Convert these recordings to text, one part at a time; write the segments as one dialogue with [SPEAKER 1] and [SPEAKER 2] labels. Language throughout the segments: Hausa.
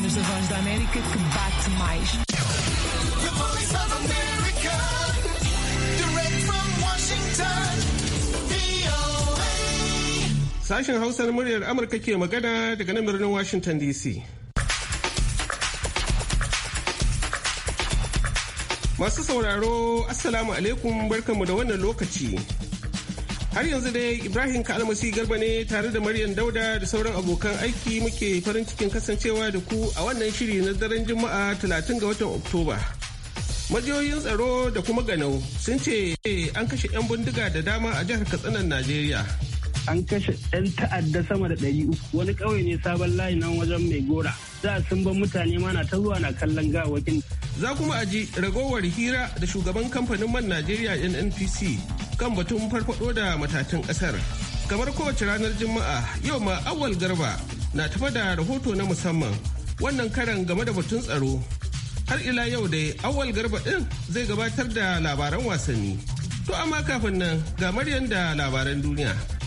[SPEAKER 1] programas da da América que bate mais.
[SPEAKER 2] Sashen Hausar muryar Amurka ke magana daga nan birnin Washington DC. Masu sauraro, Assalamu alaikum barkanmu da wannan lokaci. Har yanzu dai Ibrahim Kalmasi Garba ne tare da Maryam Dauda da sauran abokan aiki muke farin cikin kasancewa da ku a wannan shiri na daren Juma'a 30 ga watan Oktoba. Majiyoyin tsaro da kuma ganau sun ce an kashe 'yan bindiga da dama a jihar Katsinan Najeriya.
[SPEAKER 3] An kashe 'yan ta'adda sama da 300 wani ƙauye ne sabon layi nan wajen mai gora. za sun ban mutane mana ta zuwa na kallon gawakin.
[SPEAKER 2] Za kuma ji ragowar hira da shugaban kamfanin man Najeriya NNPC kan batun farfado da matatan kasar. Kamar kowace ranar Juma'a yau ma awal garba na tafa da rahoto na musamman wannan karan game da batun tsaro. Har ila yau dai awal garba din zai gabatar da labaran wasanni. To amma kafin nan ga maryam da labaran duniya.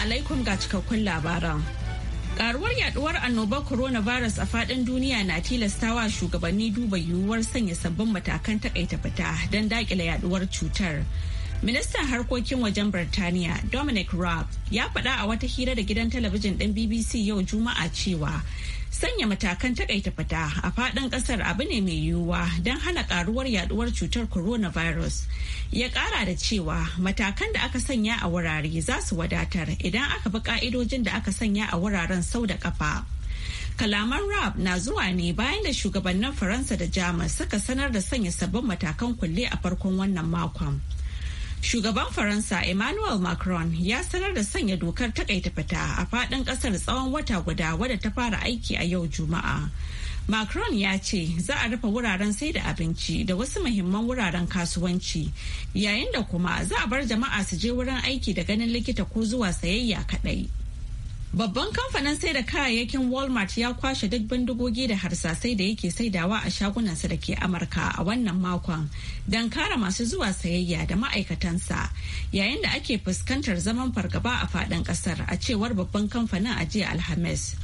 [SPEAKER 4] alaikum ga cikakkun labaran. Karuwar yaduwar annobar coronavirus a faɗin duniya na tilastawa shugabanni duba yiwuwar sanya sabbin matakan takaita fita don dakile yaduwar cutar. Ministan harkokin wajen Birtaniya Dominic Raab ya faɗa a wata hira da gidan talabijin ɗin BBC yau Juma'a cewa Sanya matakan takaita fita a faɗin ƙasar abu ne mai yiwuwa don hana ƙaruwar yaduwar cutar coronavirus. Ya ƙara da cewa matakan da aka sanya a wurare za su wadatar idan aka bi ka'idojin da aka sanya a wuraren sau da ƙafa. kalaman rap na zuwa ne bayan da shugabannin faransa da jamus suka sanar da sanya sabbin matakan kulle a farkon wannan makon Shugaban Faransa Emmanuel Macron ya sanar da sanya dokar takaita fita a faɗin ƙasar tsawon wata guda wadda ta fara aiki a yau Juma'a. Macron ya ce za a rufe wuraren sai da abinci da wasu muhimman wuraren kasuwanci yayin da kuma za a bar jama'a su je wurin aiki da ganin likita ko zuwa sayayya kaɗai. Babban kamfanin sai da kayayyakin Walmart ya kwashe duk bindigogi da harsasai da yake saidawa a shagunansa da ke Amurka a wannan makon don kare masu zuwa sayayya da ma'aikatansa yayin da ake fuskantar zaman fargaba a faɗin ƙasar a cewar babban kamfanin a jiya Alhamis.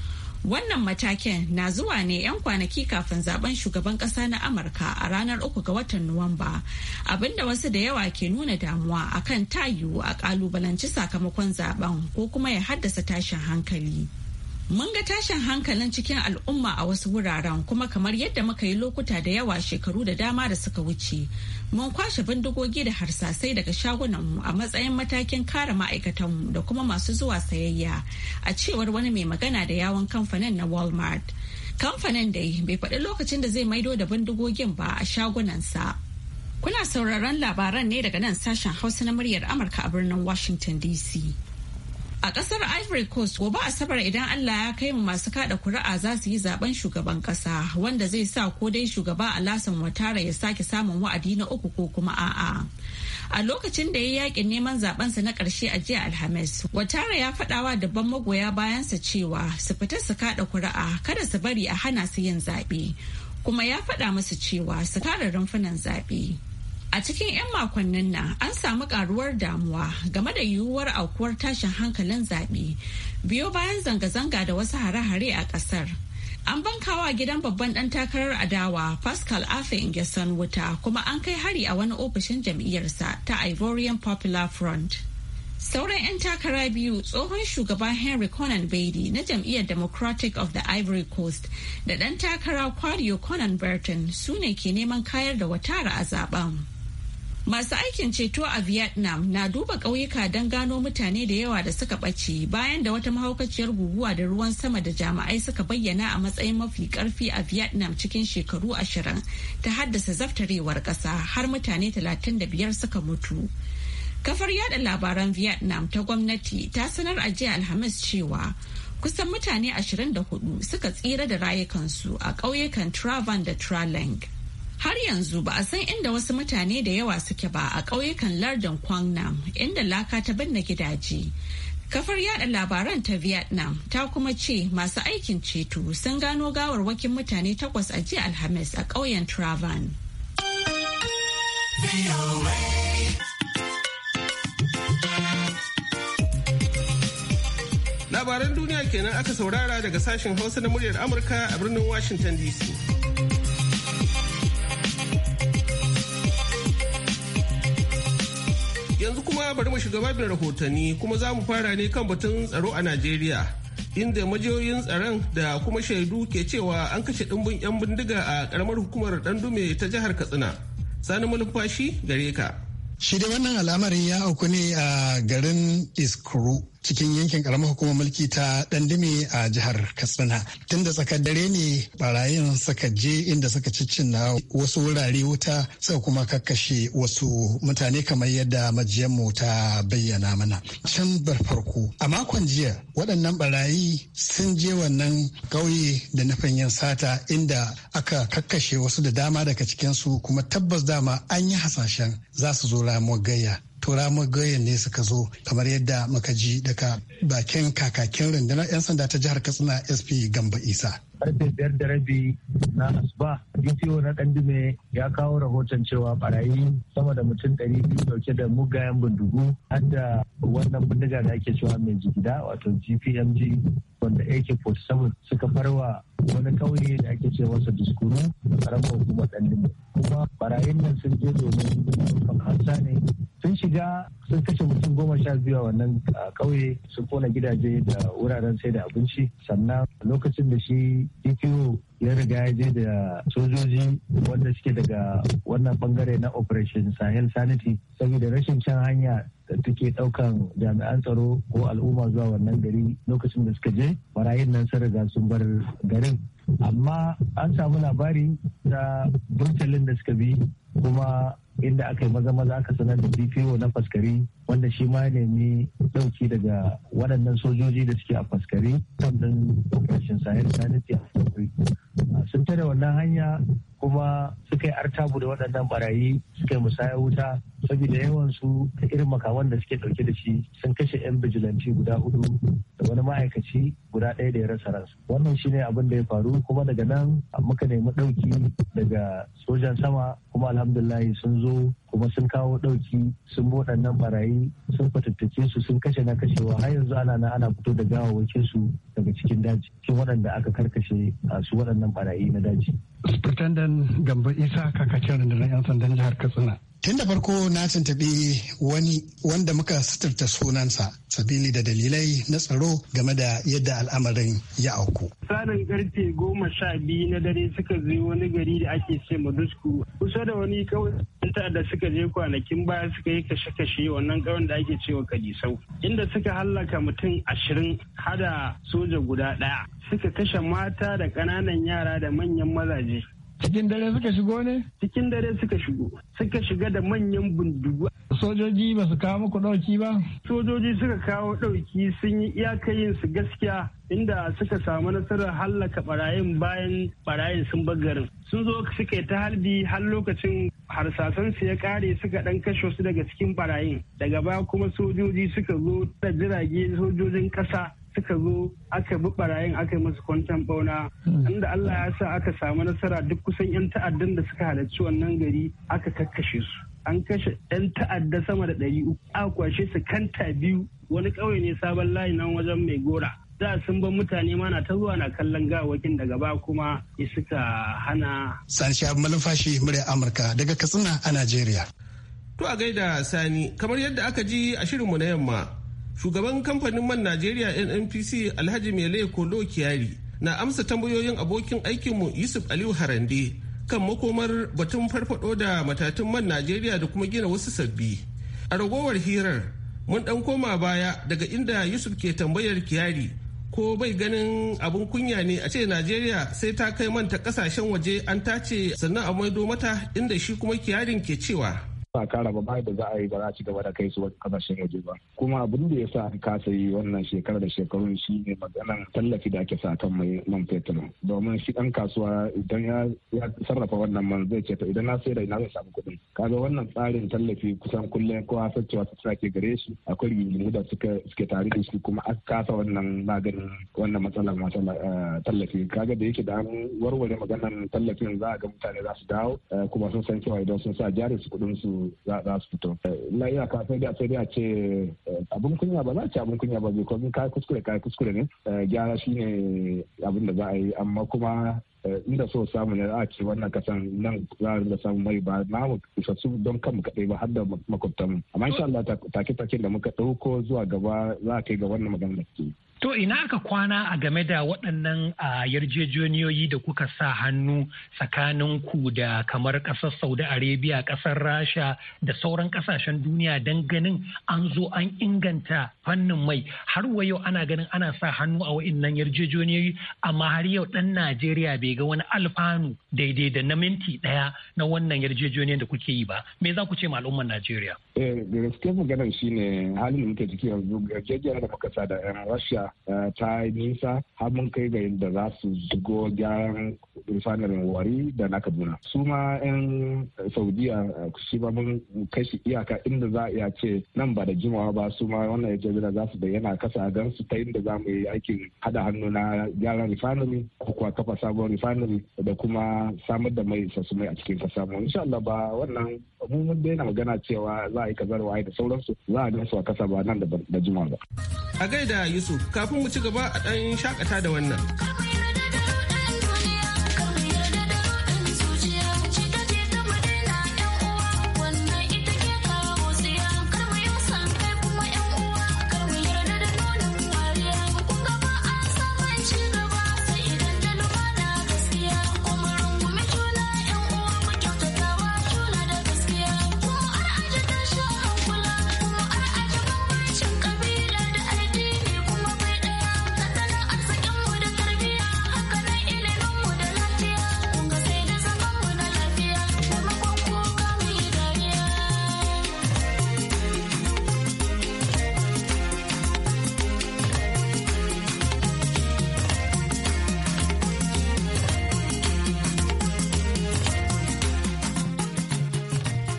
[SPEAKER 4] Wannan mataken na zuwa ne 'yan kwanaki kafin zaben shugaban kasa na Amurka a ranar uku ga watan Nuwamba, abinda wasu da yawa ke nuna damuwa akan tayu a kalubalanci sakamakon zaben ko kuma ya haddasa tashin hankali. Mun ga tashin hankalin cikin al'umma a wasu wuraren kuma kamar yadda muka yi lokuta da yawa shekaru da dama da suka wuce. Mun kwashe bindigogi da harsasai daga shagunanmu a matsayin matakin kare ma'aikatanmu da kuma masu zuwa sayayya a cewar wani mai magana da yawon kamfanin na Walmart. Kamfanin dai bai faɗi lokacin da zai maido da bindigogin ba a shagunansa. Kuna sauraron labaran ne daga nan sashen Hausa na muryar Amurka a birnin Washington DC. A ƙasar Ivory Coast gobe Asabar idan Allah ya kai mu masu kada kuri'a za su yi zaben shugaban ƙasa, wanda zai sa ko dai shugaba a lasan Watara ya sake samun wa'adi na uku ko kuma a'a. A lokacin da ya yakin neman zabensa na ƙarshe a jiya Alhamis, Watara ya faɗawa dabban magoya bayansa cewa su fita su kada kuri'a kada su bari a hana su yin zaɓe. Kuma ya faɗa musu cewa su kare rumfunan zaɓe. A cikin 'yan makonnin nan an samu karuwar damuwa game da yiwuwar aukuwar tashin hankalin zaɓe biyo bayan zanga-zanga da wasu hare-hare a ƙasar. An bankawa gidan babban ɗan takarar adawa Pascal Afe Ingeson wuta kuma an kai hari a wani ofishin jam'iyyarsa ta Ivorian Popular Front. Sauran 'yan takara biyu tsohon shugaban Henry Conan Bailey na jam'iyyar Democratic of the Ivory Coast da ɗan takara Kwadio Conan Burton su ne ke neman kayar da watara a zaben. Masu aikin ceto a Vietnam na duba ƙauyuka don gano mutane da yawa da suka ɓace bayan da wata mahaukaciyar guguwa da ruwan sama da jami'ai suka bayyana a matsayin mafi ƙarfi a Vietnam cikin shekaru ashirin ta haddasa zaftarewar ƙasa har mutane 35 suka mutu. Kafar yada labaran Vietnam ta gwamnati ta sanar a jiya Alhamis cewa kusan mutane 24 suka tsira da rayukansu a ƙauyukan Travan da Traleng. Har yanzu ba a san inda wasu mutane da yawa suke ba a ƙauyukan lardin Kwangnam inda laka ta binne gidaje. Kafar yada labaran ta Vietnam ta kuma ce masu aikin ceto sun gano gawarwakin mutane takwas a jiya Alhamis a ƙauyen Travan.
[SPEAKER 2] Labaran duniya kenan aka saurara daga sashen Hausa na muryar Amurka a birnin Washington DC. kuma bari mu shiga babin rahotanni kuma za mu fara ne kan batun tsaro a Najeriya. Inda majiyoyin tsaron da kuma shaidu ke cewa an kashe dimbin 'yan bindiga a karamar hukumar Dandume ta jihar Katsina. Sani malumfashi gare ka.
[SPEAKER 3] Shi da wannan alamar ya auku ne a garin Iskuru cikin yankin karamar hukumar mulki ta dandame a jihar katsina tun da tsakar dare ne barayin suka je inda suka ciccina wasu wurare wuta suka kuma kakkashe wasu mutane kamar yadda majiyanmu ta bayyana mana can bar farko a makon jiya waɗannan barayi sun je wannan ƙauye da nufin yin sata inda aka kakkashe wasu da dama daga cikinsu kuma tabbas dama an yi hasashen za su zo ramuwar gayya tura magayen ne suka zo kamar yadda muka ji daga bakin kakakin rundunar 'yan sanda ta jihar katsina sp gamba isa karfe biyar da rabi na asuba dto na kandume
[SPEAKER 5] ya kawo rahoton cewa barayi sama da mutum ɗari biyu dauke da mugayen bindigu har wannan bindiga da ake cewa mai jigida wato gpmg wanda AK-47 suka farwa wani kauye da ake ce masa diskuru da karamar hukumar kuma barayin nan sun je domin kamfansa ne sun shiga sun kashe mutum goma sha biyu a wannan kauye sun kona gidaje da wuraren sai da abinci sannan lokacin da shi DPO ya riga ya je da sojoji wanda suke daga wannan bangare na operation sahel sanity saboda rashin can hanya da take daukan jami'an tsaro ko al'umma zuwa wannan gari lokacin da suka je barayin nan sun riga sun bar garin amma an samu labari ta burtalin da suka bi kuma inda aka yi maza maza aka sanar da bpo na faskari wanda shi ma ne nemi ɗauki daga waɗannan sojoji da suke a faskare wannan ƙarshen sahel sanity a ah, sun tare wannan hanya kuma suka yi artabu da waɗannan barayi suka yi musaya wuta saboda yawan su irin makaman da suke ɗauke da shi sun kashe 'yan bijilanci guda hudu da wani ma'aikaci guda ɗaya da ya rasa ransa wannan shi ne abin da ya faru kuma daga nan muka nemi ɗauki daga sojan sama kuma alhamdulahi sun zo kuma sun kawo ɗauki sun bi waɗannan barayi sun fatattace su sun kashe na kashewa har yanzu ana na ana fito da gawawakin su daga cikin daji cikin waɗanda aka karkashe a su waɗannan barayi na daji.
[SPEAKER 3] Superintendent Gambo Isa kakacin rundunar 'yan sandan jihar Katsina. Tun da farko na tuntuɓi wani wanda muka suturta sunansa sabili da dalilai na tsaro game da yadda al'amarin ya auku. Tsarin karfe goma sha biyu na dare suka zai wani gari da ake ce Madusku kusa da wani kawai ta da suka je kwanakin baya suka yi kashe-kashe wannan ƙauyen da ake cewa kadisau inda suka hallaka mutum ashirin hada soja guda ɗaya suka kashe mata da ƙananan yara da manyan mazaje Cikin dare suka shigo ne? Cikin dare suka shigo. Suka shiga da manyan bindigu. Sojoji ba su kawo muku ɗauki ba? Sojoji suka kawo ɗauki sun yi yin su gaskiya inda suka samu nasarar hallaka barayin bayan barayin sun garin. Sun zo suka yi ta harbi har lokacin harsasansu ya kare suka ɗan kashe su daga cikin barayin. Daga baya kuma sojoji suka zo da jirage sojojin ƙasa suka zo aka bi barayin aka yi masu kwantan bauna inda hmm. Allah ya sa aka samu nasara duk kusan 'yan ta'addan da suka halarci wannan gari aka kakkashe su an kashe 'yan ta'adda sama da ɗari uku a kwashe su kanta biyu wani ƙauye ne sabon layi nan wajen mai gora da sun ban mutane ma na ta zuwa na kallon gawakin daga ba kuma suka hana sani shabu malumfashi murya amurka daga katsina a najeriya
[SPEAKER 2] to a gaida sani kamar yadda aka ji a shirinmu na yamma shugaban kamfanin man najeriya nnpc alhaji mele kolo kiyari na amsa tambayoyin abokin aikinmu yusuf aliyu harande kan makomar batun farfado da matatun man najeriya da kuma gina wasu sabbi a ragowar hirar mun dan koma baya daga inda yusuf ke tambayar kiyari ko bai ganin abun kunya ne a ce najeriya sai ta kai manta kasashen waje an tace sannan a maido mata inda shi kuma kiyarin ke cewa
[SPEAKER 6] ba kara ba bai da za a yi ba za a ci gaba da kai su wasu kasashen waje ba kuma abin da ya sa an kasa yi wannan shekarar da shekarun shi ne maganan tallafi da ake sa kan mai man fetur domin shi dan kasuwa idan ya sarrafa wannan man zai ce to idan na sai da ina zai samu kuɗin kaga wannan tsarin tallafi kusan kullum kowa sacewa su ke gare shi akwai rigingimu da suka suke tare da shi kuma aka kasa wannan maganin wannan matsalar eh, tallafi kaga da yake da an warware maganan tallafin za a ga mutane za su dawo eh, kuma sun san cewa idan sun sa jari su kuɗin su su za eh, a fito na iya ka da sai da ce eh, abin kunya ba za ce abin kunya ba because kai kuskure kai kuskure ne eh, gyara shine abin da za a yi amma kuma inda so samu ne a ce wannan kasan nan za a rinda samun mai ba na mu isassu don kanmu kaɗai ba har da makwabtan amma insha Allah take take da muka ɗauko zuwa gaba za a kai ga wannan magana da
[SPEAKER 5] To ina aka kwana a game da waɗannan yarjejeniyoyi da kuka sa hannu tsakanin ku da kamar ƙasar Saudi Arabia, ƙasar Rasha da sauran ƙasashen duniya don ganin an zo an inganta fannin mai har wa yau ana ganin ana sa hannu a waɗannan yarjejeniyoyi amma har yau ɗan Najeriya bai ga wani alfanu daidai da na minti ɗaya na wannan yarjejeniyoyin da kuke yi ba. Me za ku ce ma al'ummar Najeriya?
[SPEAKER 6] Eh, gaskiyar maganar shine halin da muke ciki yanzu yarjejeniyar da muka sa da 'yan Rasha Eh, ta nisa har mun kai ga inda za su zugo gyaran rufanar wari da na kaduna su ma 'yan saudiya eh, shi ba mun kashi iyaka inda za a iya ce nan ba da jimawa ba su ma wannan ya jami'a za su bayyana kasa don su ta inda za mu yi aikin hada hannu na gyaran refinery ko kuwa kafa sabon refinery da kuma samar da mai sassu mai a cikin kasa mu insha Allah ba wannan mun mun daina magana cewa za a yi kazarwa da sauransu za a gansu a kasa ba nan da jimawa ba.
[SPEAKER 2] A gaida Yusuf kafin mu ci gaba a ɗan shakata da wannan.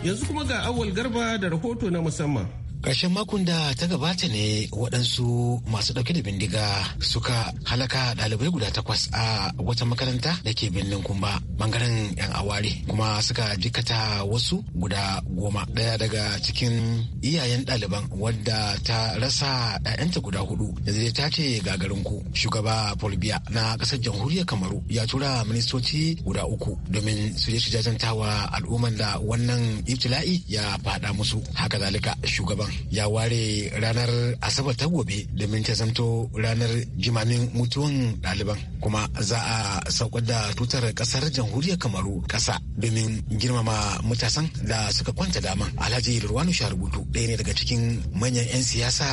[SPEAKER 2] Yanzu kuma ga awal garba da rahoto na musamman. Ƙarshen makon
[SPEAKER 7] da ta gabata ne waɗansu masu ɗauke da bindiga suka halaka ɗalibai guda takwas a wata makaranta da ke birnin kumba bangaren 'yan aware kuma suka jikata wasu guda goma. Ɗaya daga cikin iyayen ɗaliban wadda ta rasa 'ya'yanta guda hudu da zai ta ce ku. Shugaba Biya na ƙasar jamhuriyar Kamaru ya tura ministoci guda uku domin su je su jajantawa al'umman da wannan ibtila'i ya faɗa musu. Haka zalika shugaban ya ware ranar asabar ta gobe domin ta zamto ranar jimamin mutuwan ɗaliban kuma za a saukar da tutar ƙasar jamhuriyar kamaru ƙasa domin girmama matasan da suka kwanta dama alhaji ruwanu rubutu ɗaya ne daga cikin manyan 'yan siyasa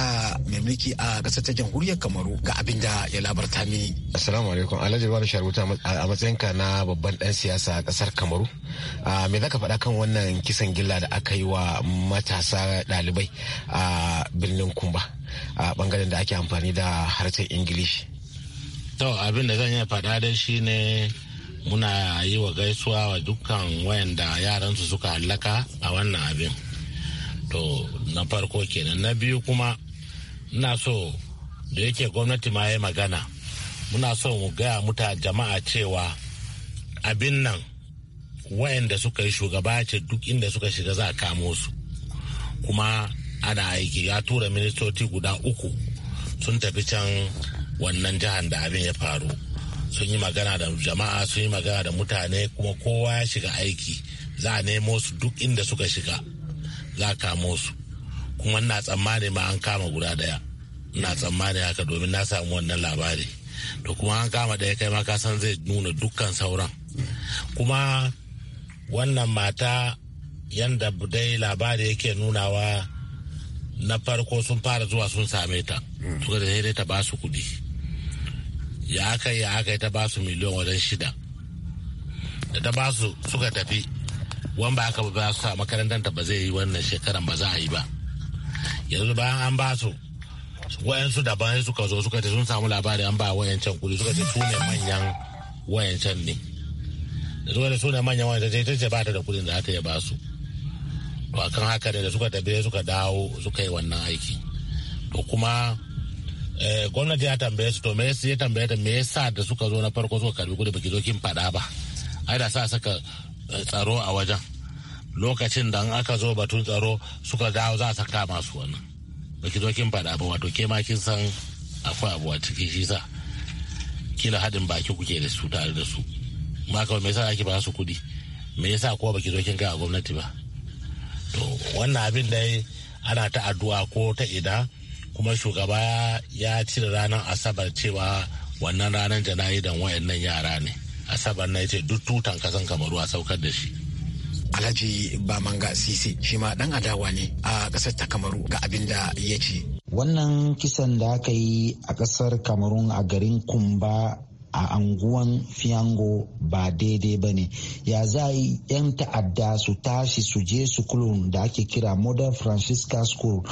[SPEAKER 7] mai mulki a ƙasar ta jamhuriyar kamaru ga abin da ya labarta mini assalamu alaikum alhaji ruwanu rubutu a matsayinka na babban ɗan siyasa a ƙasar kamaru me za ka faɗa kan wannan kisan gilla da aka yi wa matasa ɗalibai a birnin kumba a bangaren da ake amfani da harshen ingilishi
[SPEAKER 8] to abin da zan yi faɗa da shi ne muna yi wa gaisuwa wa dukkan wayanda yaransu suka hallaka a wannan abin to na farko kenan na biyu kuma na so da yake gwamnati ma ya magana muna so mu gaya muta jama'a cewa abin nan wayanda suka yi shugaba ce duk inda suka shiga za a kamo su kuma ana aiki ya tura ministoci guda uku sun tafi can wannan jihar da abin ya faru sun yi magana da jama'a sun yi magana da mutane kuma kowa ya shiga aiki za a nemo su duk inda suka shiga za a kamo su kuma na tsammani ma an kama guda daya na tsammani haka domin na samu wannan labari to kuma an kama daya kai ma san zai nuna dukkan sauran kuma wannan mata yanda dai labari yake nunawa na farko sun fara zuwa sun same ta mm. suka da ta ba su kudi ya aka yi aka yi ta ba su miliyan wajen shida da ta ba su suka tafi wan ba aka ba su a makarantar ta ba zai yi wannan shekaran ba za a yi ba yanzu bayan an ba su wayansu daban suka zo suka ce sun samu labari an ba wayancan kudi suka ce su ne manyan wayancan ne da suka ce su ne manyan wayancan ta ce ba ta da kudin da za ta yi ba su ba kan haka da suka tafi suka dawo suka yi wannan aiki to kuma eh, gwamnati ya tambaye su to me ya tambaye da me yasa da suka zo na farko suka karbi gudu baki zo kin faɗa ba ai da sa saka eh, tsaro a wajen lokacin da aka zo batun tsaro suka dawo za a saka masu wannan baki zo kin faɗa ba wato ke ma kin san akwai abu a ciki shi sa kila haɗin baki kuke da su tare da su ma kawai me yasa ake ba su kuɗi me yasa ko baki zo kin ga gwamnati ba to wannan abin da ana ta addu'a ko ta ina kuma shugaba ya cire ranar asabar cewa wannan ranar jana'idan wayannan yara ne asabar na ce duk tutan kasan kamaru a saukar da shi
[SPEAKER 7] alhaji bamanga sisi shi ma dan adawa ne a kasar ta kamaru ga abin da ya
[SPEAKER 9] ce wannan kisan da aka yi a kasar kamarun a garin kumba a anguwan fiango ba daidai ba ne ya za yi 'yan ta'adda su tashi su je su da ake kira modern francisca school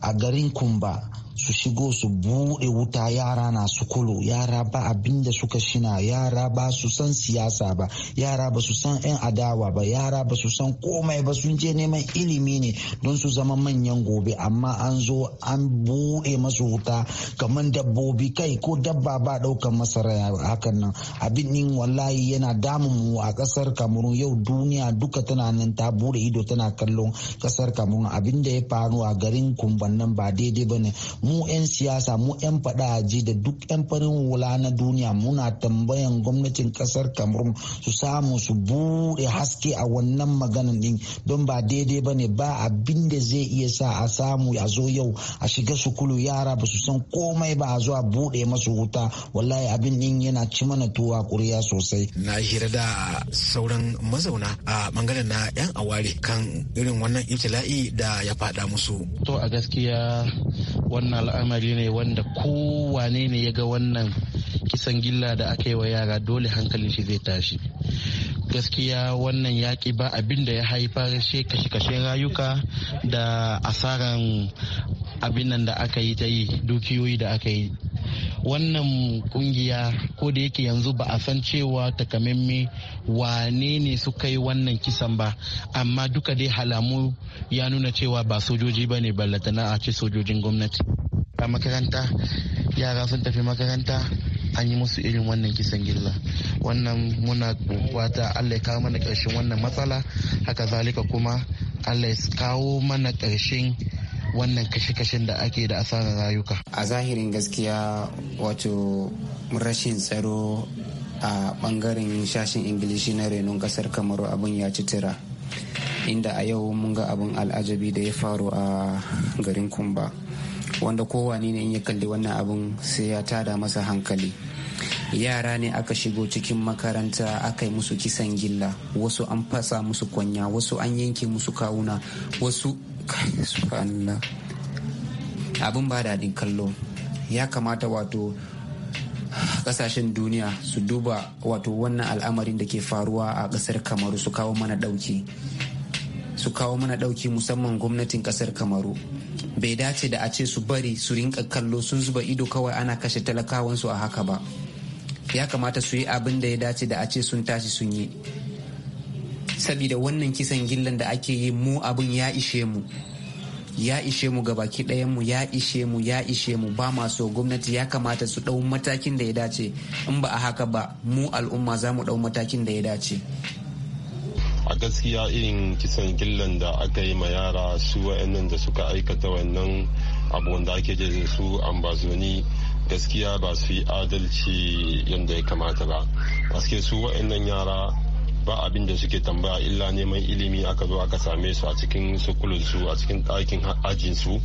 [SPEAKER 9] a garin kumba su shigo su bude wuta yara na su sukulo yara ba abin da suka shina yara ba su san siyasa ba yara ba su san 'yan adawa ba yara ba su san komai ba sun je neman ilimi ne don su zama manyan gobe amma an zo an bude masu wuta kamar dabbobi kai ko dabba ba ɗaukan masara hakan nan abin din wallahi yana damun mu a ƙasar kamerun yau duniya duka tana nan ta bude ido tana kallon kasar kamerun abin da ya faru a garin kumban ba daidai ba ne mu 'yan siyasa mu 'yan faɗa ji da duk 'yan farin wula na duniya muna tambayan gwamnatin ƙasar cameroon su samu su bude haske a wannan maganan din don ba daidai ba ne ba abin da zai iya sa a samu a zo yau a shiga sukulu yara ba su san komai ba a zo a bude masu wuta wallahi abin din yana ci mana tuwa kuriya sosai
[SPEAKER 7] na hira da sauran mazauna a bangaren na 'yan aware kan irin wannan ibtila'i da ya faɗa musu
[SPEAKER 9] to a gaskiya
[SPEAKER 10] wannan al'amari ne wanda kowane ne ya ga wannan kisan gilla da aka yi wa yara dole hankalin shi zai tashi gaskiya wannan yaƙi ba abin da ya haifar shi kashe rayuka da asaran abin da aka yi ta yi dukiyoyi da aka yi wannan kungiya ko da yake yanzu ba a san cewa takamaimai wane ne suka yi wannan kisan ba amma duka dai halamu ya nuna cewa ba sojoji ba ne ballatana a ce sojojin gwamnati a makaranta yara sun tafi makaranta an yi musu irin wannan kisan gilla wannan muna wata allah ya kawo mana ƙarshen wannan matsala haka zalika kuma allah kawo mana ƙarshen wannan kashe-kashen da
[SPEAKER 1] ake da asarar rayuka. A zahirin gaskiya wato rashin tsaro a bangaren shashin ingilishi na renon kasar kamaru abin ya ci tira. Inda a yau mun ga abin al'ajabi da ya faru a garin Kumba. wanda kowane ne in ya kalli wannan abin sai ya tada masa hankali yara ne aka shigo cikin makaranta aka yi musu kisan gilla wasu an fasa musu kwanya wasu an yanke musu kawuna wasu abin ba daɗin kallo ya kamata wato kasashen duniya su duba wato wannan al'amarin da ke faruwa a kasar kamaru su kawo mana ɗauki. su kawo mana ɗauki musamman gwamnatin ƙasar kamaru bai dace da a ce su bari su rinka kallo sun zuba ido kawai ana kashe talakawansu a haka ba ya kamata su yi abin da ya dace da a ce sun tashi sun yi sabida wannan kisan gillan da ake yi mu abin ya ishe mu ya ishe mu gabaki baki mu ya ishe mu ya ishe mu ba masu gwamnati ya kamata su ɗau matakin da ya dace in ba a haka ba mu al'umma za mu ɗau matakin da ya dace
[SPEAKER 11] a gaskiya irin kisan gillan da aka yi ma yara su wa'annan da suka aikata wannan abu wanda ake jirgin su ambazoni gaskiya ba su yi adalci yadda ya kamata ba paske su wa'annan yara ba abin da suke tambaya illa neman ilimi aka zo aka same su a cikin sukulun su a cikin ɗakin ajinsu su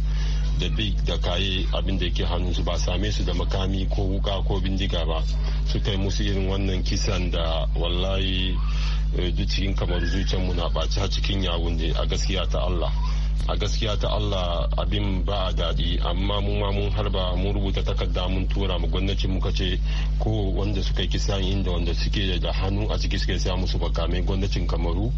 [SPEAKER 11] da big da kaye abin da yake hannunsu ba same su da makami ko wuka ko bindiga ba su kai musu irin wannan kisan da wallahi eh, duk cikin kamar zuciyar mu na ɓaci a cikin yawun a gaskiya ta allah a gaskiya ta Allah abin ba a daɗi amma mu ma mun harba mun rubuta takarda mun tura mu gwamnati muka ce ko wanda suka yi kisa inda wanda suke da hannu a ciki suke sa musu makamai gwamnatin kamaru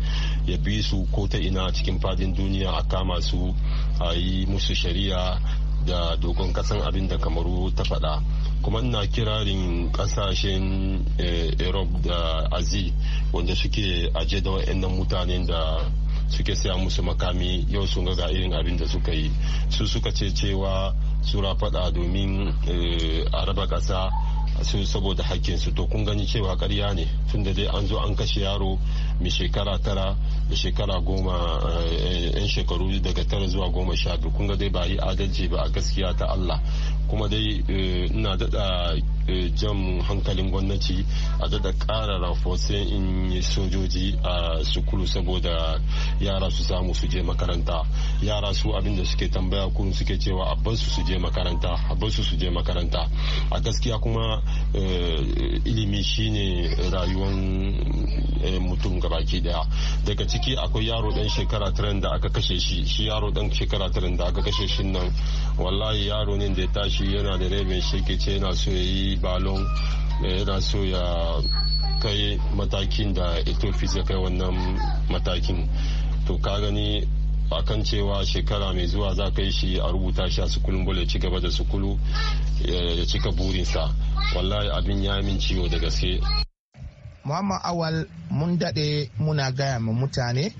[SPEAKER 11] ya bi su ko ta ina cikin fadin duniya a kama su a yi musu shari'a da dogon kasan abin da kamaru ta faɗa kuma na kirarin kasashen eh, europe da azi wanda suke aje da wa'annan mutanen da suke saya musu makami yau sun ga irin abin da suka yi su suka ce cewa sura faɗa domin eh, a raba ƙasa su saboda su to kun gani cewa karya ne tun da dai an zo an kashe yaro mai shekara tara da shekara goma eh, yan shekaru daga tara zuwa goma sha biyu kun ga dai ba yi adalci ba a gaskiya ta Allah kuma dai eh, ina daɗa Eh, jan hankalin gwamnati a da ƙara rafosin in sojoji a sukulu saboda yara su samu su je makaranta yara su abinda suke tambaya kun suke cewa abban su je makaranta abban su je makaranta a gaskiya kuma eh, ilimi shine rayuwan eh, mutum gabaki daya daga ciki akwai yaro dan shekara tiran da aka kashe shi shi yaro dan shekara tiran da aka kashe shi nan wallahi yaro ne da ya tashi yana da rabin shi ke ce yana so ya yi misali balon yana so ya kai matakin da etofis ya kai wannan matakin to ka gani kan cewa shekara mai zuwa za ka yi shi a rubuta shi a sukulun bolo ya ci gaba da sukulu ya cika burinsa wallahi abin ya min ciwo da gaske
[SPEAKER 10] muhammad awal mun daɗe muna gaya ma mutane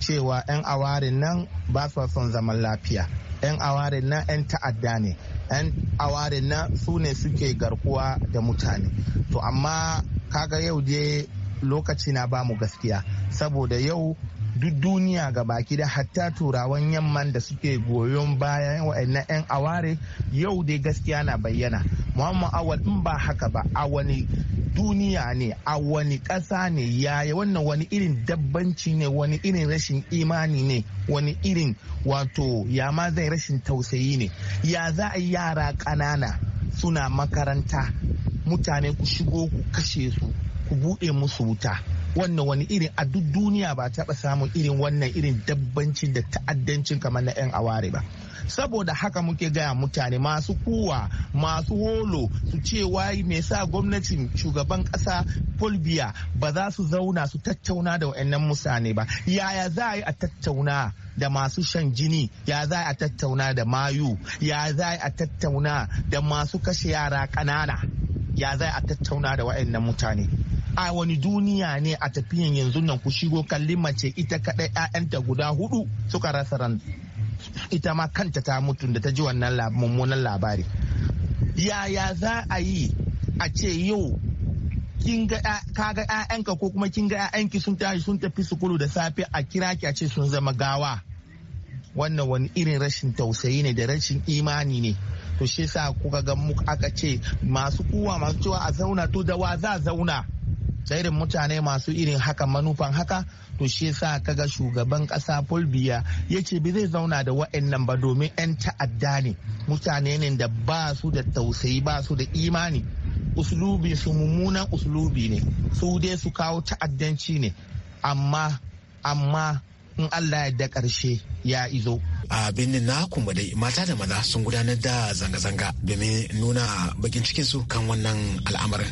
[SPEAKER 10] cewa 'yan awarin nan ba son zaman lafiya 'yan awarin na 'yan ta'adda ne 'yan awarin na su ne suke garkuwa da mutane to amma kaga yau je lokaci na bamu gaskiya saboda yau duk duniya ga baki da hatta turawan yamman da suke goyon bayan wa'annan 'yan aware yau dai gaskiya na bayyana muhammad awal in ba haka ba a wani duniya ne a wani ƙasa ne yaya wannan wani irin dabbanci ne wani irin rashin imani ne wani irin wato ya ma zai rashin tausayi ne ya za a yara ƙanana suna makaranta mutane ku shigo ku kashe su ku buɗe musu wuta wannan wani irin a duk duniya ba taɓa samun irin wannan irin dabbancin da ta'addancin kamar na 'yan aware ba saboda haka muke gaya mutane masu kuwa masu holo su ce wai me sa gwamnatin shugaban kasa fulbiya ba za su zauna su tattauna da wa'annan mutane ba yaya za a yi a tattauna da masu shan jini ya za a tattauna da mayu ya za a tattauna da masu kashe yara ƙanana ya za a tattauna da wa'annan mutane a wani duniya ne a tafiyan yanzu nan ku shigo kalli mace ita kaɗai 'ya'yanta guda hudu suka rasa ran ita ma kanta ta mutu da ta ji wannan mummunan labari yaya za a yi a ce yau ka ga 'ya'yanka ko kuma kin ga 'ya'yanki sun tashi sun tafi su sukulu da safe a kira ki a ce sun zama gawa wannan wani irin rashin tausayi ne da rashin imani ne to shi sa kuka ga muka aka ce masu kuwa masu cewa a zauna to da wa za zauna sairin mutane masu irin haka manufan haka to shi sa kaga shugaban kasa fulbiya ya ce bi zai zauna da wa'annan ba domin 'yan ta'adda ne mutane ne da ba su da tausayi ba su da imani uslubi su mummunan uslubi ne su dai su kawo ta'addanci ne amma amma in Allah ya da karshe
[SPEAKER 7] ya izo. A birnin na kuma dai mata da maza sun gudanar da zanga-zanga domin nuna bakin cikinsu kan wannan al'amarin.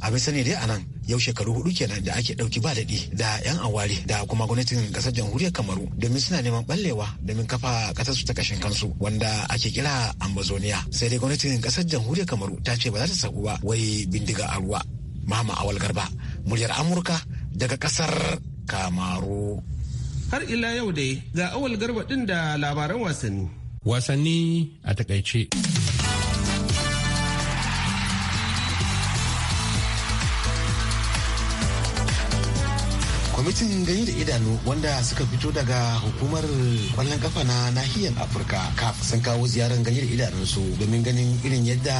[SPEAKER 7] abin sani dai anan yau shekaru hudu kenan da ake dauki ba daɗi da yan awari da kuma gwamnatin kasar jamhuriyar kamaru domin suna neman ɓallewa domin kafa kasar su ta kashin kansu wanda ake kira ambazoniya sai dai gwamnatin kasar jamhuriyar kamaru ta ce ba za ta saku ba wai bindiga a
[SPEAKER 2] ruwa mama awal garba muryar amurka daga kasar kamaro. har ila yau dai ga awal garba din da labaran wasanni wasanni a takaice
[SPEAKER 7] kwamitin gani da idanu wanda suka fito daga hukumar kwallon kafa na nahiyar afirka kaf sun kawo ziyarar gani da idanunsu domin ganin irin yadda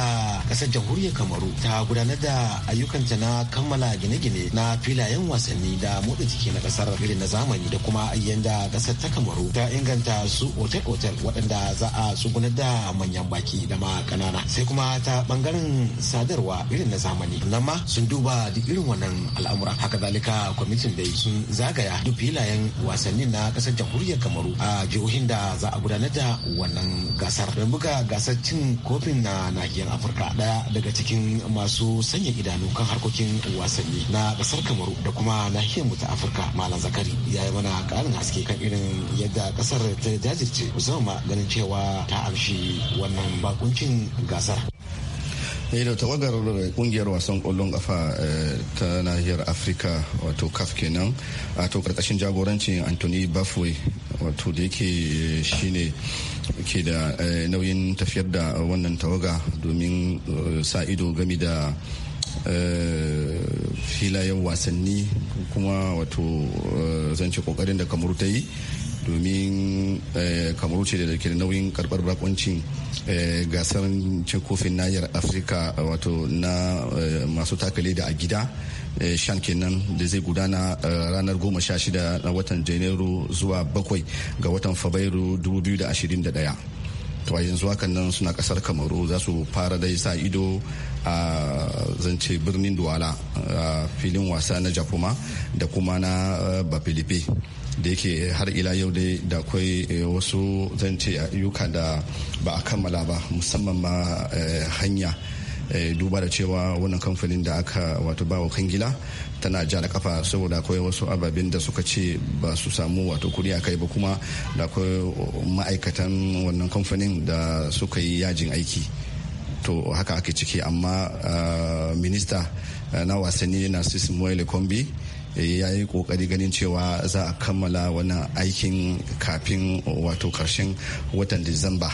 [SPEAKER 7] kasar jamhuriyar kamaru ta gudanar da ayyukanta na kammala gine-gine na filayen wasanni da motsa jiki na kasar irin na zamani da kuma yadda kasar ta kamaru ta inganta su otel-otel waɗanda za a tsugunar da manyan baki da ma kanana sai kuma ta ɓangaren sadarwa irin na zamani nan ma sun duba duk irin wannan al'amura haka zalika kwamitin da sun sun zagaya duk filayen wasannin na kasar jamhuriyar kamaru a jihohin da za a gudanar da wannan gasar don buga gasar cin kofin na nahiyar afirka daya daga cikin masu sanya idanu kan harkokin wasanni na kasar kamaru da kuma nahiyar mu ta afirka malam zakari ya yi mana karin haske kan irin yadda kasar ta jajirce musamman ganin cewa ta amshi wannan bakuncin gasar
[SPEAKER 12] ne eh, da tawagar kungiyar wasan kwallon kafa eh, ta nahiyar afirka wato caf kenan a to karkashin jagorancin anthony Bafoy wato da yake eh, shine ke da nauyin tafiyar da wannan tawaga domin sa ido game da filayen wasanni kuma wato zance kokarin da kamaru ta yi domin eh, kamaru ce da ke da nauyin karbar bakuncin eh, gasar cin kofin nahiyar afirka wato na eh, masu takale da a gida shan kenan da zai gudana ranar goma sha shida na watan janairu zuwa bakwai ga watan fabairu 2021 to yanzu kan nan suna kasar kamaru za su fara dai sa ido a zance birnin duwala a filin wasa na jakuma da kuma na bafilipe da yake har ila yau dai da akwai eh, wasu zan ce ayyuka da ba a kammala ba musamman ma eh, hanya eh, duba da cewa wannan kamfanin da aka wato bawa kangila tana ja da kafa saboda akwai wasu ababen da suka ce ba su samu wato kuɗi a kai ba kuma da akwai ma'aikatan wannan kamfanin da suka yi yajin aiki to haka ake ciki amma minista na wasanni na sisim kombi Eh, ya yi kokari ganin cewa za a kammala wannan aikin kafin wato karshen watan disamba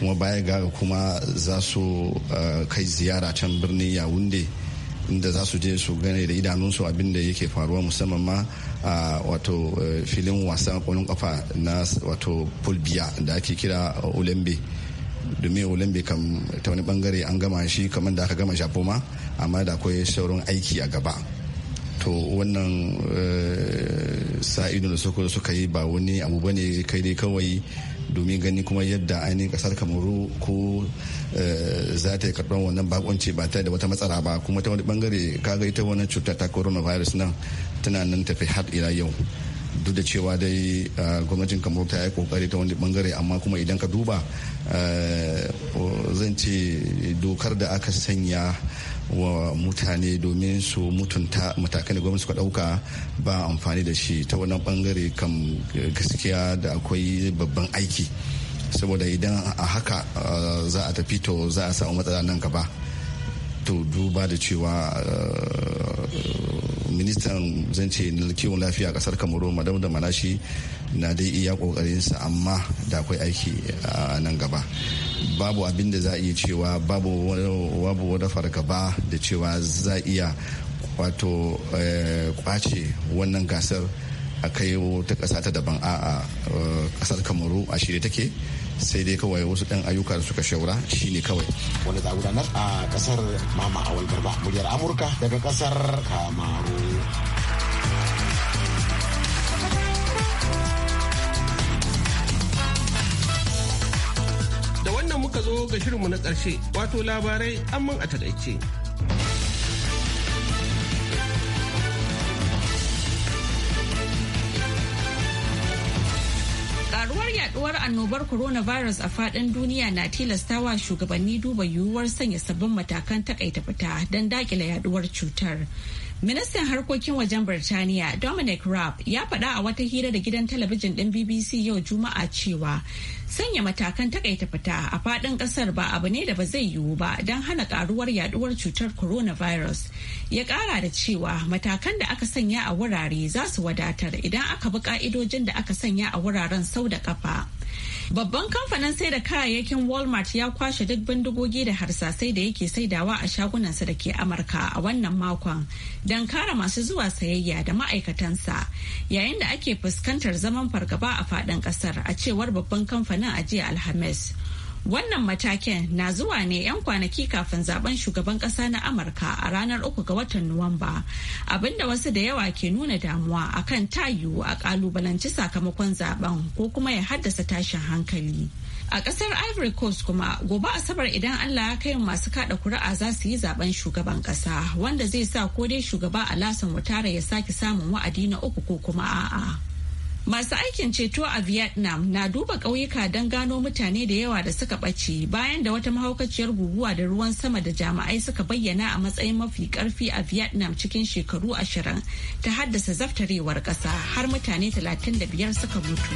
[SPEAKER 12] kuma baya ga kuma za su eh, kai ziyara can birnin yawunde inda za su je su gane da idanunsu abinda da yake faruwa musamman ma a ah, wato eh, filin wasan kwallon kafa na wato pulbiya da ake kira olembe domin olembe kam ta wani bangare an gama shi kamar da aka gama shafo ma amma da akwai sauran aiki a gaba to wannan eh, sa'idu da suka suka yi ba wani abu ba ne kai dai kawai domin gani kuma yadda ainihin kasar kamaru ko eh, za ta yi karɓar wannan bakonci ba ta da wata matsala ba kuma ta wani bangare kaga ita wannan cuta ta coronavirus nan tana nan tafi har ila yau duk da cewa dai eh, gwamnatin kamaru ta yi kokari ta wani bangare amma kuma idan ka duba zan ce dokar da aka sanya wa mutane domin su mutunta matakan da gwamnati suka dauka ba amfani da shi ta wannan bangare kan eh, gaskiya da akwai babban aiki saboda idan a haka eh, za a tafi to za a samu matsala nan gaba to duba da cewa eh, ministan zance na kiwon lafiya a kasar kamaru madam da manashi na dai iya kokarinsa amma da akwai aiki a nan gaba babu abin da za a iya cewa babu wani fargaba da cewa za iya wato kwace eh, wannan gasar a kai ta kasa ta daban a kasar eh, kamaru a shirye take sai dai kawai wasu ɗan ayyuka da suka shaura shine kawai wanda za gudanar a kasar mama awal garba muryar
[SPEAKER 7] amurka daga kasar kamaru
[SPEAKER 2] ga shirinmu na ƙarshe wato labarai amman a takaice.
[SPEAKER 4] Karuwar yaduwar annobar coronavirus a faɗin duniya na tilastawa shugabanni duba yiwuwar sanya sabbin matakan takaita fita don dakile yaduwar cutar. Ministan harkokin wajen Birtaniya Dominic Raab ya faɗa a wata hira da gidan talabijin ɗin BBC yau Juma'a cewa sanya matakan takaita fita a faɗin ƙasar ba abu ne da ba zai yiwu ba don hana ƙaruwar yaɗuwar cutar coronavirus. Ya ƙara da cewa matakan da aka sanya a wurare za su wadatar idan aka bi ƙa'idojin da aka sanya a wuraren sau da ƙafa. Babban kamfanin sai da kayayyakin Walmart ya kwashe duk bindigogi da harsasai da yake saidawa a shagunansa da ke Amurka a wannan makon don kare masu zuwa sayayya da ma'aikatansa yayin da ake fuskantar zaman fargaba a faɗin ƙasar a cewar babban kamfanin a jiya Alhamis. Wannan matakin na zuwa ne 'yan kwanaki kafin zaben shugaban ƙasa na Amurka a ranar uku ga watan Nuwamba, abinda wasu da yawa ke nuna damuwa akan tayu a ƙalubalanci sakamakon zaben ko kuma ya haddasa tashin hankali. A kasar Ivory Coast kuma gobe Asabar idan Allah ya kai masu kada kuri'a za su yi zaben shugaban kasa wanda zai sa ko dai shugaba lasan Ouattara ya sake samun wa'adi na uku ko kuma a'a. Masu aikin ceto a Vietnam na duba ƙauyuka don gano mutane da yawa da suka ɓace bayan da wata mahaukaciyar guguwa da ruwan sama da jami'ai suka bayyana a matsayin mafi ƙarfi a Vietnam cikin shekaru ashirin ta haddasa zaftarewar ƙasa har mutane 35 suka mutu.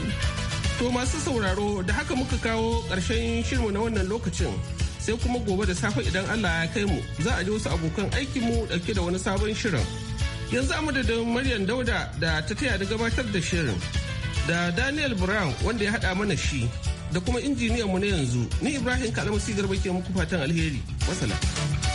[SPEAKER 2] To masu sauraro da haka muka kawo ƙarshen shirmu na wannan lokacin sai kuma gobe da safe idan Allah ya kai mu za a ji wasu abokan aikinmu ɗauke da wani sabon shirin. yanzu a da Maryam Dauda da ta taya da gabatar da shirin da Daniel Brown wanda ya haɗa mana shi da kuma injiniyan mu na yanzu ni Ibrahim Kalamusi Garba ke muku fatan alheri. Wasala.